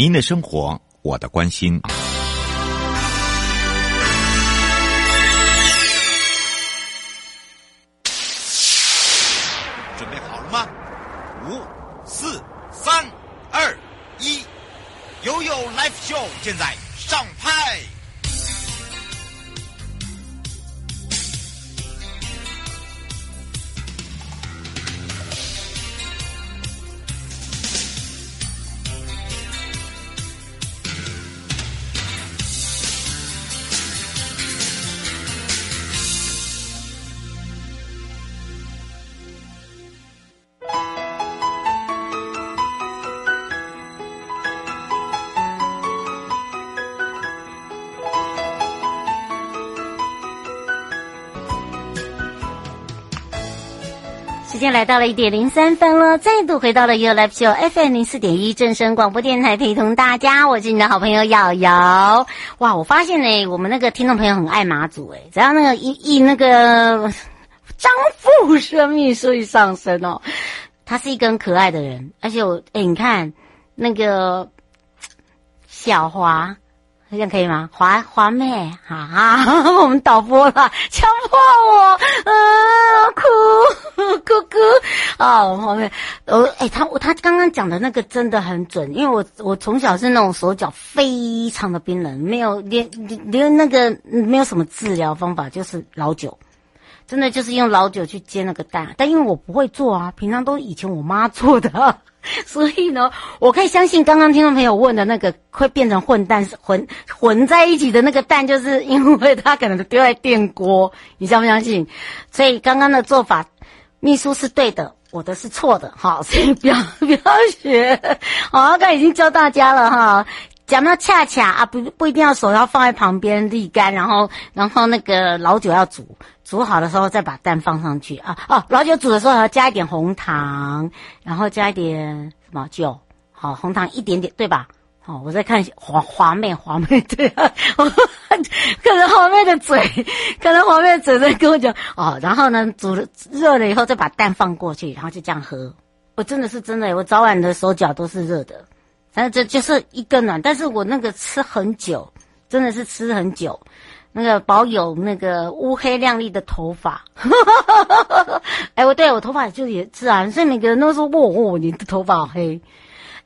您的生活，我的關心。準備好了嗎？五、四、三、二、一，悠悠 Life Show，現在。時間來到了一點零三分了，再度回到了 You Live Show FM 零四點一正聲廣播電台，陪同大家，我是你的好朋友瑤瑤。哇，我發現呢，我們那個聽眾朋友很愛媽祖誒，只要那個一、一那個張富生命所以上身哦，他是一個很可愛的人，而且我，哎，你看那個小華。這樣可以嗎？華華妹，哈、啊、哈我們導播了，強迫我，嗯、呃，哭哭哭！啊，華妹，呃，哎、欸，他他剛剛講的那個真的很準，因為我我從小是那種手腳非常的冰冷，沒有連連那個沒有什麼治療方法，就是老酒，真的就是用老酒去煎那個蛋，但因為我不會做啊，平常都以前我媽做的。 所以呢，我可以相信剛剛聽眾朋友問的那個會變成混蛋混混在一起的那個蛋，就是因為他可能丟在電鍋，你相不相信？所以剛剛的做法，秘書是對的，我的是錯的，好，所以不要不要學，好，剛、OK, 剛已經教大家了哈。講到恰恰啊，不不一定要手要放在旁邊瀝乾，然後然後那個老酒要煮煮好的時候再把蛋放上去啊哦。老酒煮的時候還要加一點紅糖，然後加一點什麼酒好，哦，紅糖一點點對吧？好，哦，我再看黃黃妹黃妹對啊，看着黃妹的嘴，可能黃妹嘴，嘴在跟我講哦，然後呢煮了熱了以後再把蛋放過去，然後就這樣喝。我，哦，真的是真的，我早晚的手腳都是熱的。反正這就是一個呢，但是我那個吃很久，真的是吃很久，那個保有那個烏黑亮麗的頭髮。哎、 欸，我對我頭髮就也自然，所以每個人都說：“喔哦，你的頭髮好黑。”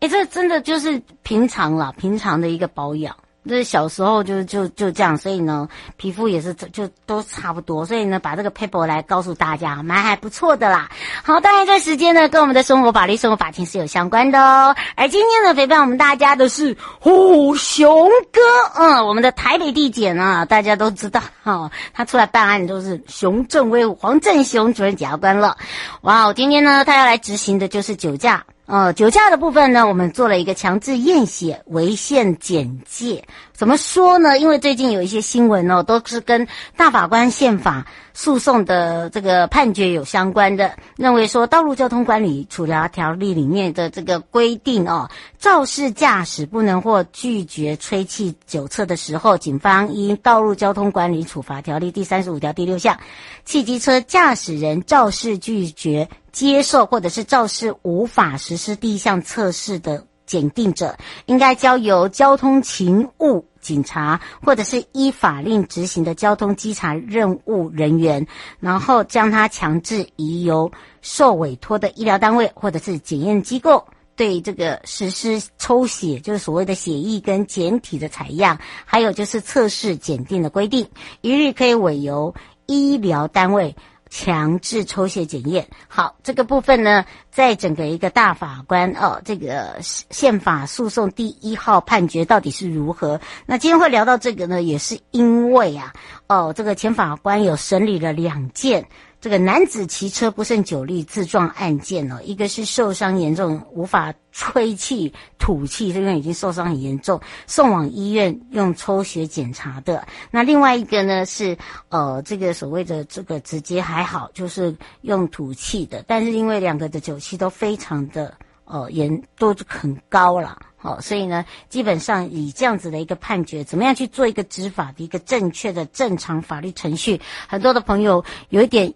欸，哎，這真的就是平常啦，平常的一個保養。是小時候就就就這樣，所以呢，皮膚也是就，就都差不多，所以呢，把這個 paper 來告訴大家，蠻還不錯的啦。好，當然這時間呢，跟我們的生活法律、生活法庭是有相關的哦。而今天呢，陪伴我們大家的是虎熊哥，嗯，我們的台北地檢啊，大家都知道哈、哦，他出來辦案都是熊正威武，黃正雄主任檢察官了。哇，今天呢，他要來執行的就是酒駕。呃，酒駕的部分呢，我們做了一個強制驗血違憲簡介。怎麼說呢？因為最近有一些新聞哦，都是跟大法官憲法訴訟的這個判決有相關的，認為說道路交通管理處罰條例裡面的這個規定哦，肇事駕駛不能或拒絕吹氣酒測的時候，警方依道路交通管理處罰條例第三十五條第六項，汽機車駕駛人肇事拒絕。接受或者是肇事無法實施第一項測試的檢定者，應該交由交通勤務警察或者是依法令執行的交通稽查任務人員，然後將他強制移由受委託的醫療單位或者是檢驗機構對這個實施抽血，就是所謂的血液跟檢體的採樣，還有就是測試檢定的規定，一律可以委由醫療單位，強制抽血檢驗，好，這個部分呢，在整個一個大法官哦，這個憲法訴訟第一號判決到底是如何？那今天會聊到這個呢，也是因為啊，哦，這個前法官有審理了兩件。這個男子騎車不勝酒力自撞案件哦，一個是受傷嚴重無法吹氣吐氣，因為已經受傷很嚴重，送往醫院用抽血檢查的。那另外一個呢是呃這個所謂的這個直接還好，就是用吐氣的，但是因為兩個的酒氣都非常的呃嚴都很高了，哦，所以呢基本上以這樣子的一個判決，怎麼樣去做一個執法的一個正確的正常法律程序，很多的朋友有一點。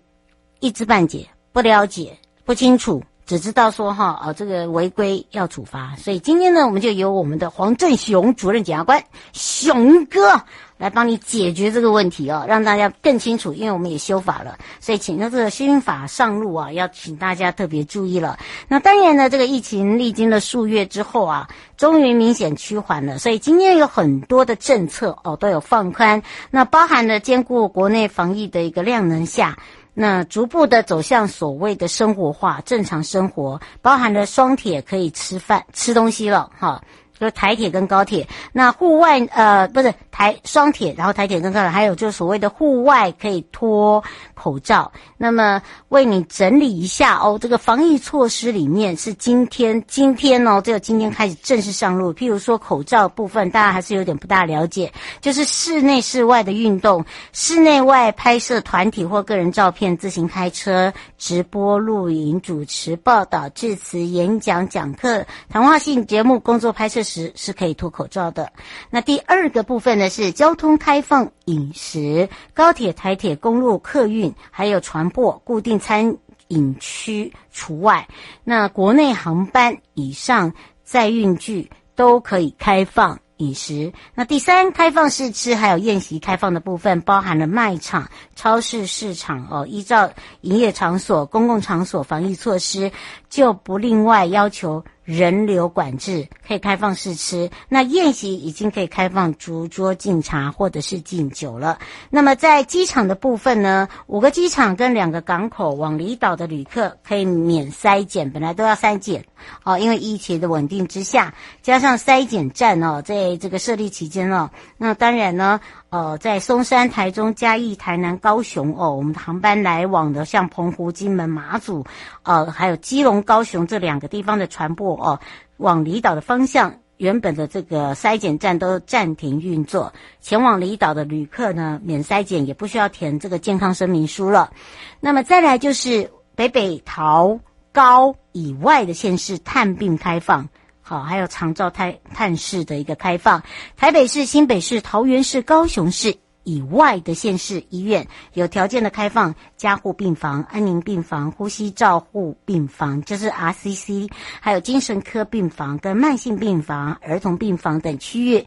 一知半解，不了解，不清楚，只知道說哈啊、哦，這個違規要處罰。所以今天呢，我們就由我們的黃正雄主任檢察官熊哥來幫你解決這個問題哦，讓大家更清楚。因為我們也修法了，所以請這個新法上路啊，要請大家特別注意了。那當然呢，這個疫情歷經了數月之後啊，終於明顯趨緩了。所以今天有很多的政策哦都有放寬，那包含了兼顧國內防疫的一個量能下。那逐步的走向所謂的生活化，正常生活，包含了雙鐵可以吃飯吃東西了，哈。就是台鐵跟高鐵，那戶外呃不是台雙鐵，然後台鐵跟高鐵，還有就是所謂的戶外可以脫口罩。那麼為你整理一下哦，這個防疫措施裡面是今天今天哦，這個今天開始正式上路。譬如說口罩部分，大家還是有點不大了解，就是室內室外的運動、室內外拍攝團體或個人照片、自行開車、直播、錄影、主持、報道、致辭、演講、講課、談話性節目、工作拍攝。時是可以脫口罩的。那第二個部分呢，是交通開放飲食，高鐵、台鐵、公路客運還有船舶固定餐飲區除外。那國內航班以上載運具都可以開放飲食。那第三，開放試吃還有宴席開放的部分，包含了賣場、超市、市場哦，依照營業場所、公共場所防疫措施，就不另外要求。人流管制可以開放試吃，那宴席，已經可以開放逐桌敬茶或者是敬酒了。那麼在機場的部分呢，五個機場跟兩個港口往離島的旅客可以免篩檢，本來都要篩檢哦，因為疫情的穩定之下，加上篩檢站哦，在這個設立期間哦，那當然呢。呃，在松山、台中、嘉義、台南、高雄哦，我們的航班來往的，像澎湖、金門、馬祖，呃，還有基隆、高雄這兩個地方的船舶哦，往離島的方向，原本的這個篩檢站都暫停運作。前往離島的旅客呢，免篩檢，也不需要填這個健康聲明書了。那麼再來就是北北桃高以外的縣市探病開放。好，還有長照、探、探視的一個開放。台北市、新北市、桃園市、高雄市以外的縣市醫院，有條件的開放加護病房、安寧病房、呼吸照護病房，就是 RCC，還有精神科病房、跟慢性病房、兒童病房等區域，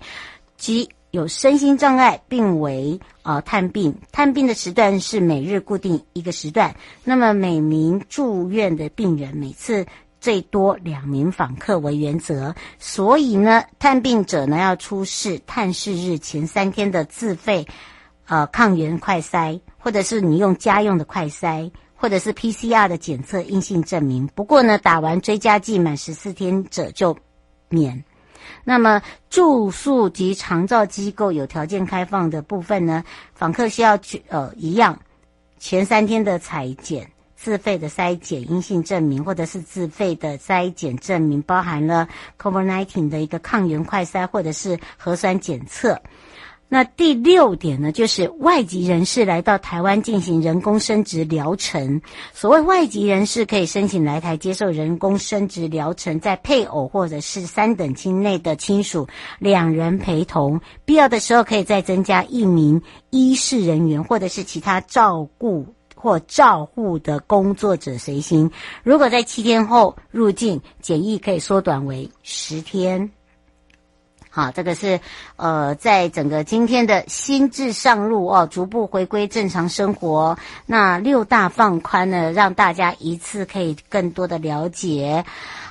即有身心障礙病危啊、呃、探病，探病的時段是每日固定一個時段。那麼每名住院的病人每次最多兩名訪客為原則，所以呢，探病者呢要出示探視日前三天的自費呃抗原快篩，或者是你用家用的快篩，或者是 PCR 的檢測陰性證明。不過呢，打完追加劑滿十四天者就免。那麼住宿及長照機構有條件開放的部分呢，訪客需要去呃一樣前三天的採檢。自費的篩檢陰性證明，或者是自費的篩檢證明，包含了 COVID-19 的一個抗原快篩，或者是核酸檢測。那第六點呢，就是外籍人士來到台灣進行人工生殖療程。所謂外籍人士可以申請來台接受人工生殖療程，在配偶或者是三等親內的親屬兩人陪同，必要的時候可以再增加一名醫事人員，或者是其他照顧。或照護的工作者隨行，如果在七天後入境，檢疫可以縮短為十天。好，這個是呃，在整個今天的新制上路哦，逐步回歸正常生活。那六大放寬呢，讓大家一次可以更多的了解。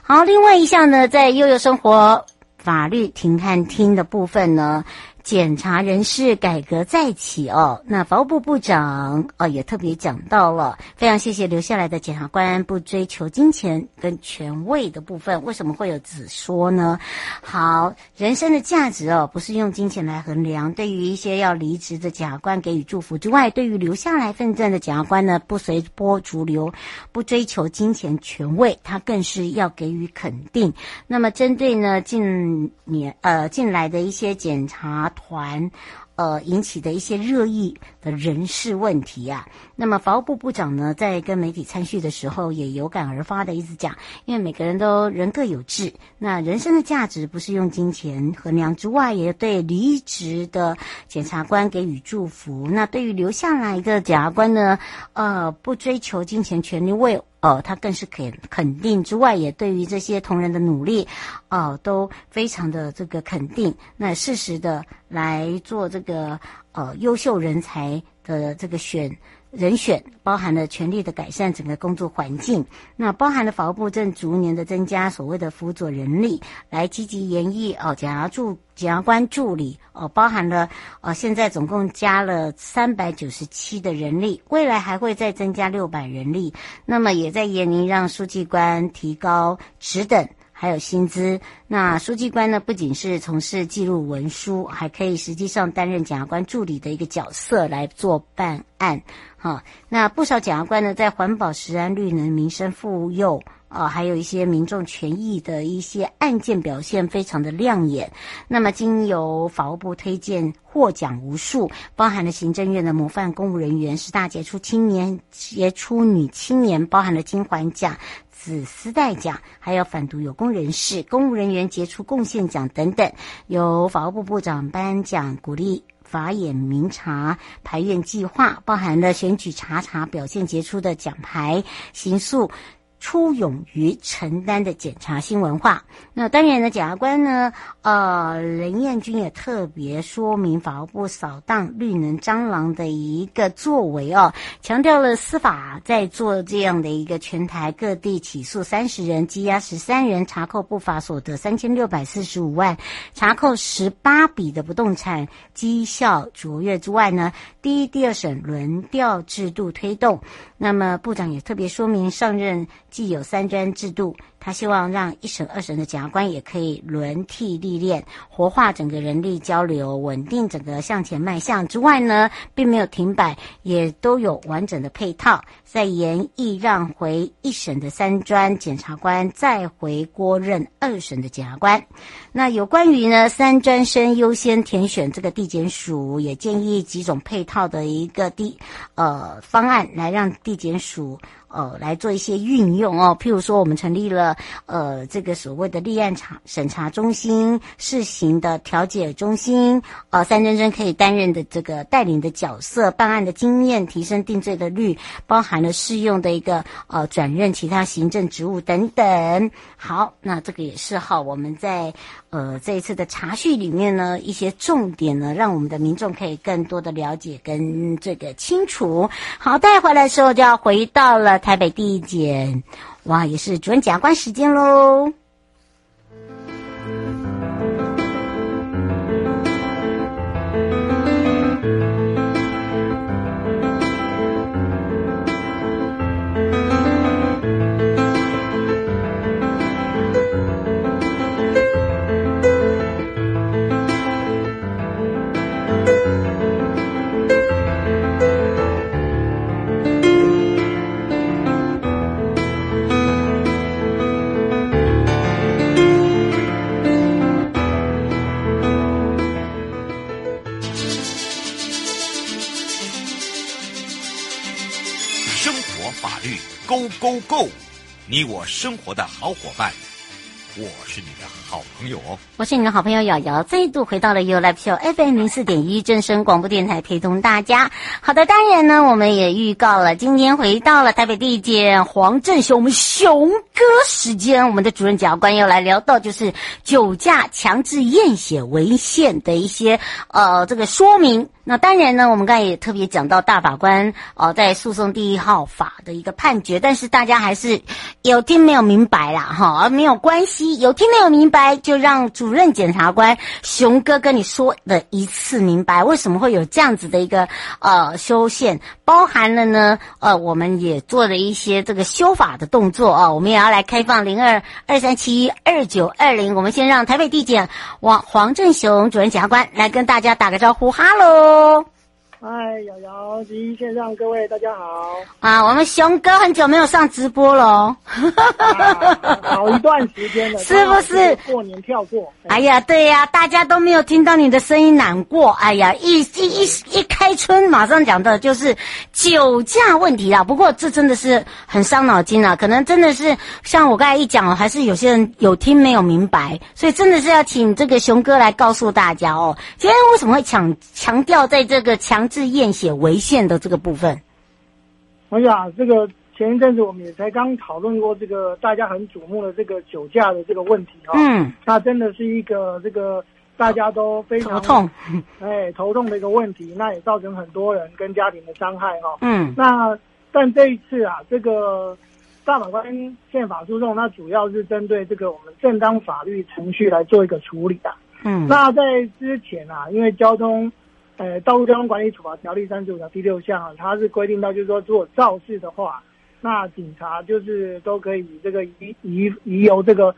好，另外一項呢，在悠悠生活法律停看聽的部分呢。檢察人事改革再起哦，那法務部部長哦也特別講到了，非常謝謝留下來的檢察官不追求金錢跟權位的部分，為什麼會有此說呢？好，人生的價值哦不是用金錢來衡量。對於一些要離職的檢察官給予祝福之外，對於留下來奮戰的檢察官呢，不隨波逐流，不追求金錢權位，他更是要給予肯定。那麼針對呢近年呃近來的一些檢察。團，呃，引起的一些熱議的人事問題啊。那麼，法務部部長呢，在跟媒體餐敘的時候，也有感而發的一直講，因為每個人都人各有志，那人生的價值不是用金錢衡量之外，也對離職的檢察官給予祝福。那對於留下來一個檢察官呢，呃，不追求金錢權利為哦、呃，他更是肯肯定之外，也對於這些同仁的努力，哦、呃，都非常的這個肯定。那適時的來做這個呃優秀人才的這個選。人選包含了全力的改善整個工作環境。那包含了法務部正逐年的增加所謂的輔佐人力，來積極研議哦，檢察助，檢察官助理哦，包含了哦，現在總共加了三百九十七的人力，未來還會再增加六百人力。那麼也在研擬讓書記官提高職等。還有薪資。那書記官呢？不僅是從事記錄文書，還可以實際上擔任檢察官助理的一個角色來做辦案。哈、哦，那不少檢察官呢，在環保、食安、綠能、民生、婦幼啊，還有一些民眾權益的一些案件表現非常的亮眼。那麼，經由法務部推薦，獲獎無數，包含了行政院的模範公務人員十大傑出青年、傑出女青年，包含了金環獎。紫絲帶獎，還有反毒有功人士、公務人員傑出貢獻獎等等，由法務部部長頒獎鼓勵。法眼明察排怨計劃包含了選舉查查表現傑出的獎牌、刑訴。出勇於承擔的檢察新文化。那當然呢，檢察官呢，呃，林彥君也特別說明，法務部掃蕩綠能蟑螂的一個作為哦，強調了司法在做這樣的一個全台各地起訴三十人，羈押十三人，查扣不法所得三千六百四十五萬，查扣十八筆的不動產績效卓越之外呢，第一、第二審輪調制度推動。那麼部長也特別說明上任。既有三專制度，他希望讓一審、二審的檢察官也可以輪替歷練，活化整個人力交流，穩定整個向前邁向之外呢，並沒有停擺，也都有完整的配套。在研議讓回一審的三專檢察官，再回鍋任二審的檢察官。那有關於呢三專生優先填選這個地檢署，也建議幾種配套的一個地呃方案，來讓地檢署。呃，來做一些運用哦，譬如說我們成立了呃，這個所謂的立案查審查中心，試行的調解中心，呃，三真真可以擔任的這個帶領的角色，辦案的經驗提升定罪的率，包含了適用的一個呃轉任其他行政職務等等。好，那這個也是好，我們在呃這一次的茶敘裡面呢，一些重點呢，讓我們的民眾可以更多的了解跟這個清楚。好，帶回來的時候就要回到了。台北地檢，哇，也是主任檢察官時間嘍。收購你我生活的好夥伴，我是你的好朋友、哦，我是你的好朋友瑤瑤，再度回到了 YouLive Show FM 零四點一正聲廣播電台，陪同大家。好的，當然呢，我們也預告了今天回到了台北地檢，黃正雄，我們雄哥時間。我們的主任檢察官要來聊到就是酒駕強制驗血違憲的一些呃這個說明。那當然呢，我們剛才也特別講到大法官哦、呃、在訴訟第一號法的一個判決，但是大家還是有聽沒有明白啦哈，而沒有關係，有聽沒有明白。就讓主任檢察官熊哥，跟你說的一次明白，為什麼會有這樣子的一個呃修憲，包含了呢呃，我們也做了一些這個修法的動作啊，我們也要來開放零二二三七一二九二零，我們先讓台北地檢王黃正雄主任檢察官來跟大家打個招呼，哈嘍。嗨、哎，瑤，遙及線上各位，大家好啊！我們熊哥很久沒有上直播了，哦 啊，好，好，好一段時間了，是不是？過年跳過。哎呀，對呀，啊，大家都沒有聽到你的聲音，難過。哎呀，一一一一開春，馬上講到，就是酒駕問題啊，不過這真的是很傷腦筋啊，可能真的是像我剛才一講哦，還是有些人有聽沒有明白，所以真的是要請這個熊哥來告訴大家哦，今天為什麼會強強調在這個強制驗血違憲的這個部分，我想、啊、這個前一陣子我們也才剛討論過這個大家很矚目的這個酒駕的這個問題哈、哦，嗯，那真的是一個這個大家都非常頭痛，哎，頭痛的一個問題，那也造成很多人跟家庭的傷害哈、哦，嗯，那但這一次啊，這個大法官憲法訴訟，那主要是針對這個我們正當法律程序來做一個處理的、啊，嗯，那在之前啊，因為交通。呃，道路交通管理處罰條例三十五條第六項啊，它是規定到，就是說，如果肇事的話，那警察就是都可以這個移移移由這個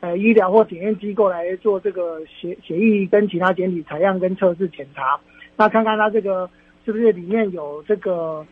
呃醫療或檢驗機構來做這個協協議跟其他檢體採樣跟測試檢查，那看看他這個是不是裡面有這個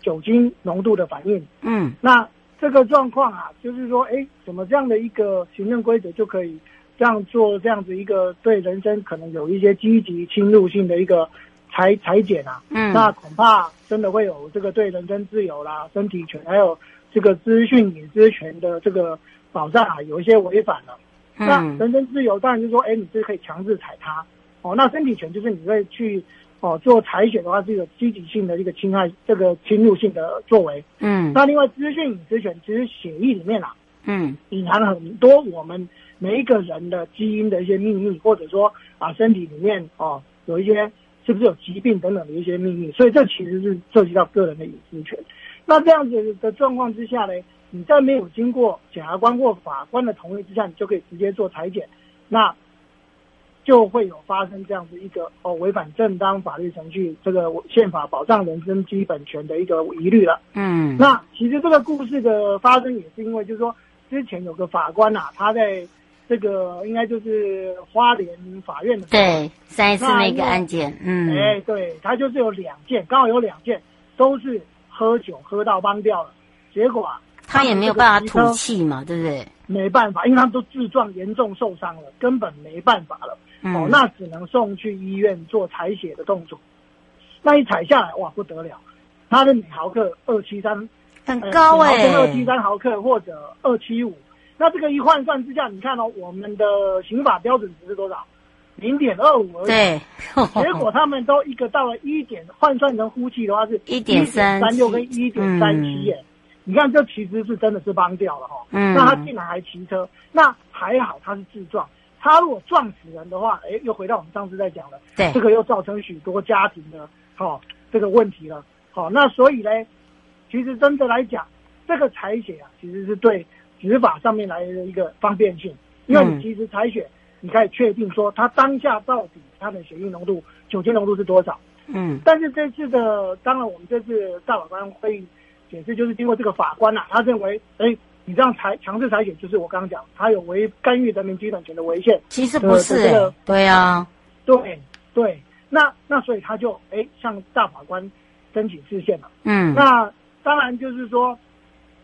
酒精濃度的反應。嗯，那這個狀況啊，就是說，哎、欸，怎麼這樣的一個行政規則就可以？這樣做這樣子一個對人身可能有一些積極侵入性的一個採採檢啊，嗯，那恐怕真的會有這個對人身自由啦、身體權還有這個資訊隱私權的這個保障啊，有一些違反了。嗯、那人身自由當然就是說，誒你是可以強制採他哦。那身體權就是你會去哦做採血的話，是有積極性的一個侵害，這個侵入性的作為。嗯。那另外，資訊隱私權其實協議裡面啊。嗯，隱藏了很多我們每一個人的基因的一些祕密，或者說啊，身體裡面哦，有一些是不是有疾病等等的一些祕密，所以這其實是涉及到個人的隱私權。那這樣子的狀況之下呢，你在沒有經過檢察官或法官的同意之下，你就可以直接做裁剪，那就會有發生這樣子一個哦違反正當法律程序，這個憲法保障人身基本權的一個疑慮了。嗯，那其實這個故事的發生也是因為就是說。之前有個法官啊，他在這個應該就是花蓮法院的，對，上一次那個案件，嗯，哎、欸，對，他就是有兩件，剛好有兩件都是喝酒喝到崩掉了，結果、啊、他也沒有辦法吐氣嘛，對不對？沒辦法，因為他們都自撞嚴重受傷了，根本沒辦法了，嗯、哦，那只能送去醫院做採血的動作，那一採下來，哇，不得了，他的每毫克二七三。很高，哎、欸，二七三毫克或者二七五，那這個一換算之下，你看哦，我們的刑法標準值是多少？零點二五而已。對。結果他們都一個到了一點， 換算成呼氣的話是，一點三六跟一點三七耶。你看這其實是真的是幫掉了哈、哦。嗯。那他竟然還騎車，那還好他是自撞，他如果撞死人的話，哎，又回到我們上次在講的，對，這個又造成許多家庭的哈、哦、這個問題了。好、哦，那所以呢？其實真的來講，這個採血啊，其實是對執法上面來的一個方便性，因為你其實採血，嗯、你可以確定說他當下到底他的血液濃度，酒精濃度是多少。嗯。但是這次的，當然我們這次大法官會解釋就是經過這個法官啊，他認為，哎、欸，你這樣採強制採血，就是我剛剛講，他有違干預人民基本權的違憲。其實不是，欸呃這個，對啊，啊對對，那那所以他就哎、欸、向大法官申請釋憲了。嗯。那當然，就是說，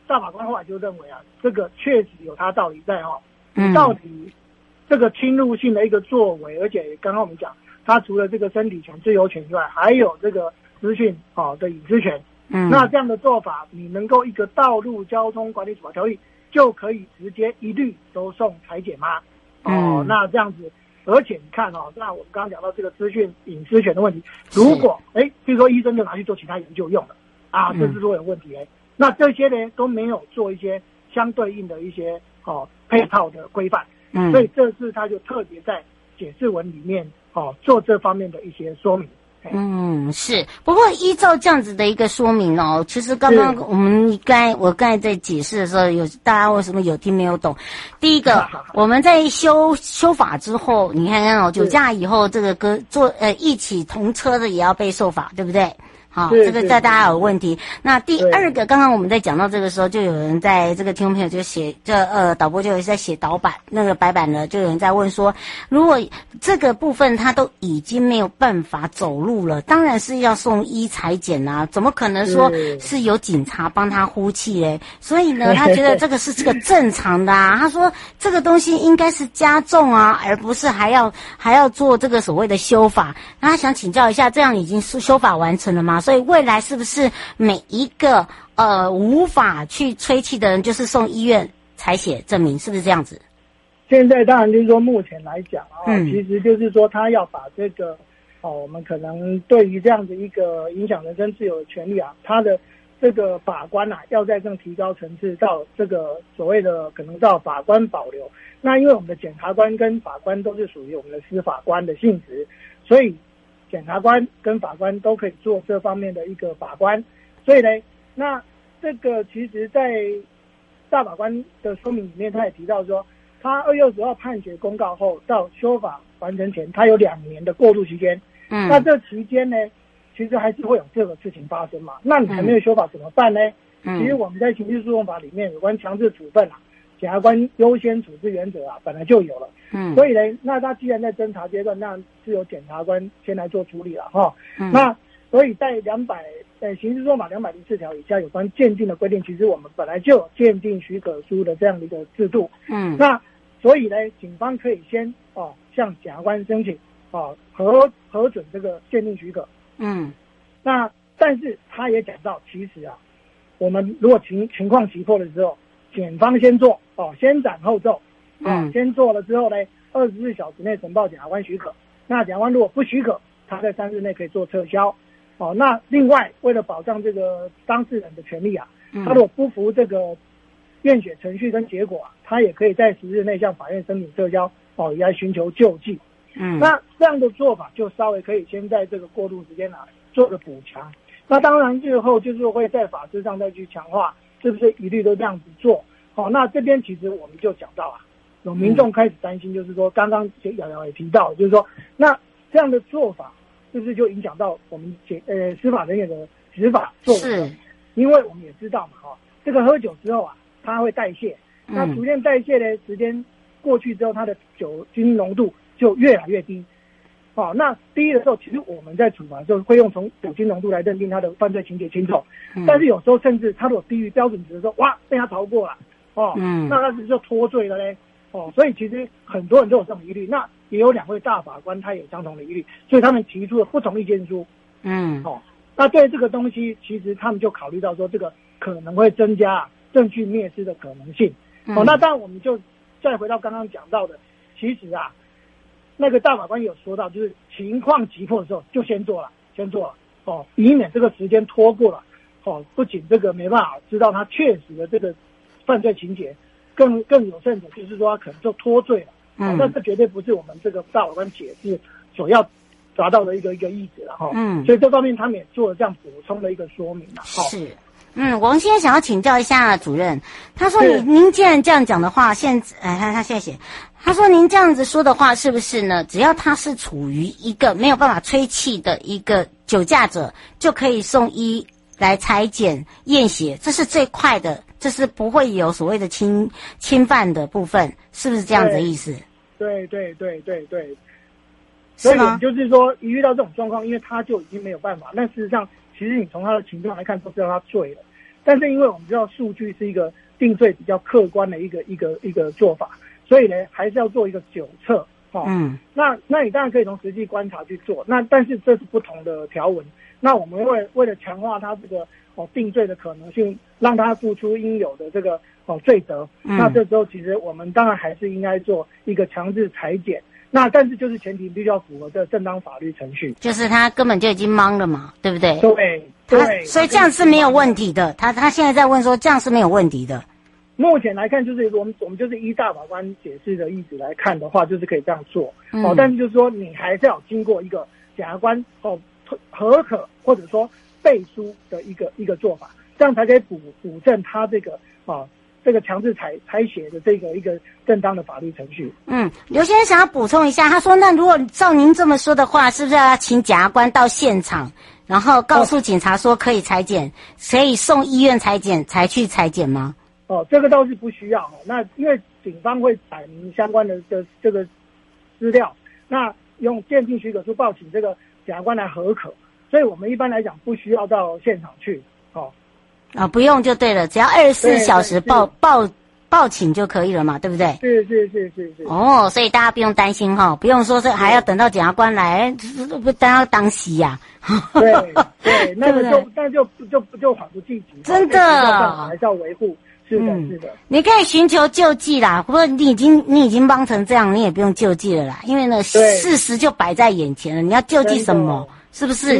大法官、的話就認為啊，這個確實有他道理在哈、哦。嗯。到底這個侵入性的一個作為，而且剛剛我們講，他除了這個身體權、自由權之外，還有這個資訊哦的隱私權。嗯。那這樣的做法，你能夠一個道路交通管理處罰條例就可以直接一律都送採檢嗎？哦、嗯。那這樣子，而且你看哦，那我們剛剛講到這個資訊隱私權的問題，如果哎，比如說醫生就拿去做其他研究用了。啊，這是若有問題、欸、嗯、那這些呢都沒有做一些相對應的一些哦、喔、配套的規範，嗯，所以這次他就特別在解釋文裡面哦、喔、做這方面的一些說明。嗯，是。不過依照這樣子的一個說明哦、喔，其實剛剛我們剛才我剛才在解釋的時候，有大家為什麼有聽沒有懂？第一個， 我們在修修法之後，你看看哦、喔，酒駕以後這個跟坐呃一起同車的也要被受罰，對不對？好、哦，這個在大家有問題。那第二個，剛剛我們在講到這個時候，就有人在這個聽眾朋友就寫，這呃導播就有人在寫導板那個白板呢，就有人在問說，如果這個部分他都已經沒有辦法走路了，當然是要送醫採檢啊，怎麼可能說是有警察幫他呼氣嘞？所以呢，他覺得這個是這個正常的啊。 他說這個東西應該是加重啊，而不是還要還要做這個所謂的修法。那他想請教一下，這樣已經是修法完成了嗎？所以未來是不是每一個呃無法去吹氣的人，就是送醫院採血證明，是不是這樣子？現在當然就是說，目前來講啊、嗯，其實就是說他要把這個哦，我們可能對於這樣子一個影響人身自由的權利啊，他的這個法官吶、啊，要再更提高層次到這個所謂的可能到法官保留。那因為我們的檢察官跟法官都是屬於我們的司法官的性質，所以。檢察官跟法官都可以做這方面的一個把關，所以呢，那這個其實在大法官的說明裡面，他也提到說，他二月十二判決公告後到修法完成前，他有兩年的過渡期間。嗯，那這期間呢，其實還是會有這個事情發生嘛。那你還沒有修法怎麼辦呢？其實我們在刑事訴訟法裡面有關強制處分啊。檢察官優先處置原則啊，本來就有了，嗯，所以呢，那他既然在偵查階段，那是由檢察官先來做處理了哈，嗯，那所以在兩百在刑事訴訟法兩百零四條以下有關鑑定的規定，其實我們本來就有鑑定許可書的這樣一個制度，嗯，那所以呢，警方，可以先哦向檢察官申請哦核核准這個鑑定許可，嗯，那但是他也講到，其實啊，我們如果情情況急迫的時候。檢方先做哦，先斬後奏，啊、嗯，先做了之後呢，二十四小時內呈報檢察官許可。那檢察官如果不許可，他在三日內可以做撤銷。哦，那另外為了保障這個當事人的權利啊，嗯、他如果不服這個驗血程序跟結果啊，他也可以在十日內向法院申請撤銷哦，以來尋求救濟。嗯，那這樣的做法就稍微可以先在這個過渡時間啊做個補強。那當然日後就是會在法制上再去強化。是不是一律都這樣子做？好、哦，那這邊其實我們就講到啊，有民眾開始擔心，就是說，剛剛瑤瑤也提到，就是說，那這樣的做法是不是就影響到我們解，呃司法人員的執法作風？因為我們也知道嘛，哈、哦，這個喝酒之後啊，它會代謝，嗯、那逐漸代謝的時間過去之後，它的酒精濃度就越來越低。哦，那第一的時候，其實我們在處罰的時候會用從酒精濃度來認定他的犯罪情節輕重，但是有時候甚至他如果低於標準值的時候，哇，被他逃過了哦、嗯，那他是不是就脫罪了呢？哦，所以其實很多人都有這種疑慮，那也有兩位大法官他有相同的疑慮，所以他們提出了不同意見書。嗯，哦，那對這個東西，其實他們就考慮到說，這個可能會增加證據滅失的可能性。哦，嗯、哦，那當然我們就再回到剛剛講到的，其實啊。那個大法官有說到，就是情況急迫的時候就先做了，先做了哦，以免這個時間拖過了哦,不僅這個沒辦法知道他確實的這個犯罪情節更，更更有甚者，就是說他可能就脫罪了。嗯、哦，但這絕對不是我們這個大法官解釋所要達到的一個一個意思了哈。嗯、哦，所以這方面他們也做了這樣補充的一個說明了哈、哦。是。嗯，王先生想要請教一下主任。他說你：“您您既然這樣講的話，現在呃，他他謝謝。他說您這樣子說的話，是不是呢？只要他是處於一個沒有辦法吹氣的一個酒駕者，就可以送醫來採檢驗血，這是最快的，這是不會有所謂的侵侵犯的部分，是不是這樣子的意思？”對對對對對,對。所以就是說，一遇到這種狀況，因為他就已經沒有辦法。那事實上。其實你從他的情況來看，都知道他醉了，但是因為我們知道數據是一個定罪比較客觀的一個一個一個做法，所以呢，還是要做一個酒測，哈、哦，嗯，那那你當然可以從實際觀察去做，那但是這是不同的條文，那我們為為了強化他這個哦定罪的可能性，讓他付出應有的這個哦罪責、嗯，那這時候其實我們當然還是應該做一個強制採檢。那但是就是前提必須要符合的正當法律程序，就是他根本就已經懵了嘛，對不對？So, 欸、對，對，所以這樣是沒有問題的。他他現在在問說這樣是沒有問題的。目前來看，就是我們我們就是依大法官解釋的意思來看的話，就是可以這樣做。嗯、哦，但是就是說你還是要經過一個檢察官哦核可或者說背書的一個一個做法，這樣才可以補補正他這個、哦這個強制採採血的這個一個正當的法律程序。嗯，劉先生想要補充一下，他說：“那如果照您這麼說的話，是不是要請檢察官到現場，然後告訴警察說可以採檢？哦、可以送醫院採檢才去採檢嗎？”哦，這個倒是不需要。那因為警方會擺明相關的的這，這個資料，那用鑑定許可書報請這個檢察官來核可，所以我們一般來講不需要到現場去。好、哦。啊，不用就對了，只要二十四小時報報報警就可以了嘛，對不對？是是是是是。哦，所以大家不用擔心哈、哦，不用說是還要等到檢察官來，啊、 對不擔要當心呀。對，那個就那就就就好多救真的還是要維護，是的、嗯，是的。你可以尋求救濟啦，不過你已經你已經幫成這樣，你也不用救濟了啦，因為呢事實就擺在眼前了，你要救濟什麼？是不是？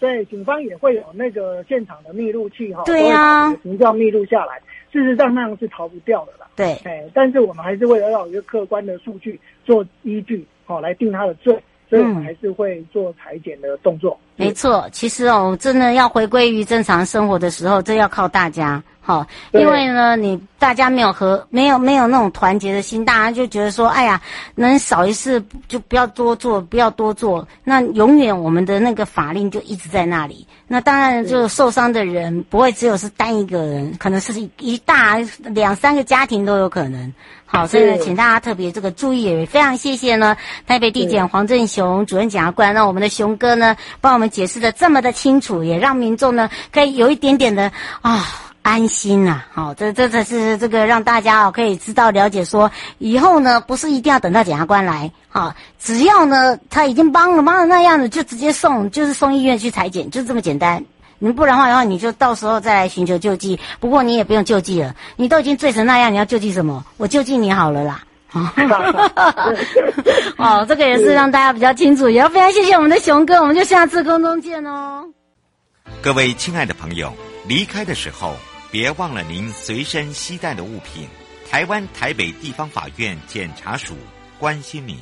對，警方也會有那個現場的密錄器哈，對呀，一定密錄下來，事實上那樣是逃不掉的啦。對，哎，但是我們還是會要一個客觀的數據做依據，好，來定他的罪，所以我們還是會做採檢的動作。嗯沒錯，其實哦，真的要回歸於正常生活的時候，這要靠大家，好，因為呢，你大家沒有和沒有沒有那種團結的心，大家就覺得說，哎呀，能少一事就不要多做，不要多做，那永遠我們的那個法令就一直在那裡。那當然就受傷的人不會只有是單一個人，可能是一大兩三個家庭都有可能，好，所以呢，請大家特別這個注意，非常謝謝呢，台北地檢黃正雄主任檢察官，讓我們的雄哥呢幫我們。解釋得這麼的清楚，也讓民眾呢可以有一點點的啊、哦、安心吶、啊。好、哦，這這才是這，這，這個讓大家啊、哦、可以知道了解說，以後呢不是一定要等到檢察官來啊、哦，只要呢他已經幫了幫了那樣子，就直接送就是送醫院去採檢，就這麼簡單。你不然的話，然後你就到時候再來尋求救濟。不過你也不用救濟了，你都已經醉成那樣，你要救濟什麼？我救濟你好了啦。 哦，這個也是讓大家比較清楚，也要非常謝謝我們的熊哥，我們就下次空中見哦。各位親愛的朋友，離開的時候別忘了您隨身攜帶的物品。台灣台北地方法院檢察署關心您。